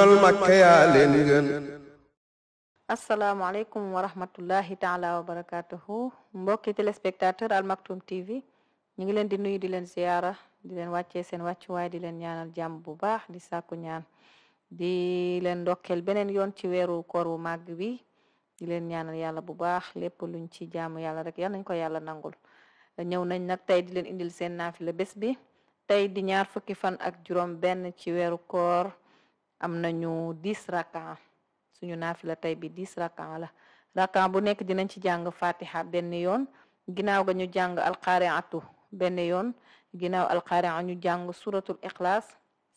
njool makka yaa leen gën asalaamaaleykum wa rahmatullahi taala wa barakatuhu mbokki téléspectateur Al Maktoum TV ñu ngi leen di nuyu di leen ziyaara di leen wàccee seen wàccuwaay di leen ñaanal jàmm bu baax di sàkku ñaan di leen ndokkeel beneen yoon ci weeru koor wu màgg bi di leen ñaanal yàlla bu baax lépp luñ ci jaamu yàlla rek yal nañ ko yàlla nangul ñëw nañ nag tey di leen indil seen naafila bés bi tey di ñaar fukki fan ak juróom benn ci weeru koor amna ñu 10 raka suñu nafila tay bi 10 raka la raka bu nekk dinañ ci jang fatiha ben yoon ginaaw ga ñu jàng alqari'atu ben yoon ginaaw alqari'a ñu jang suratul ikhlas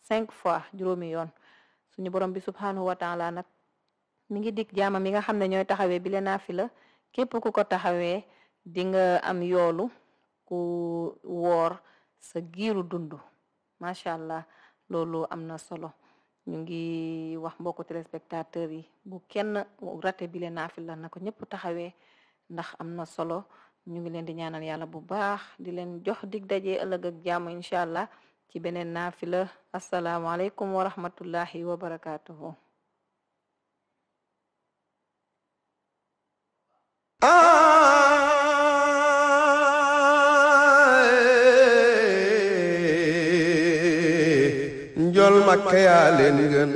5 fois juroomi yoon suñu borom bi subhanahu wa ta'ala nak mi ngi dik jaama mi nga xamne ñoy taxawé bi le nafila képp ku ko taxawé di nga am yoolu ku wor sa giiru dund macha allah lolu amna solo ñu ngi wax mbokku téléspectateur yi bu kenn raté bile naafila na ko ñëpp taxawee ndax am na solo ñu ngi leen di ñaanal yàlla bu baax di leen jox dig daje ëllëg ak jàmm incha allah ci beneen naafila asalaamaaleykum wa rahmatullahi wa barakaatuhu. jol Makka yaa leen gën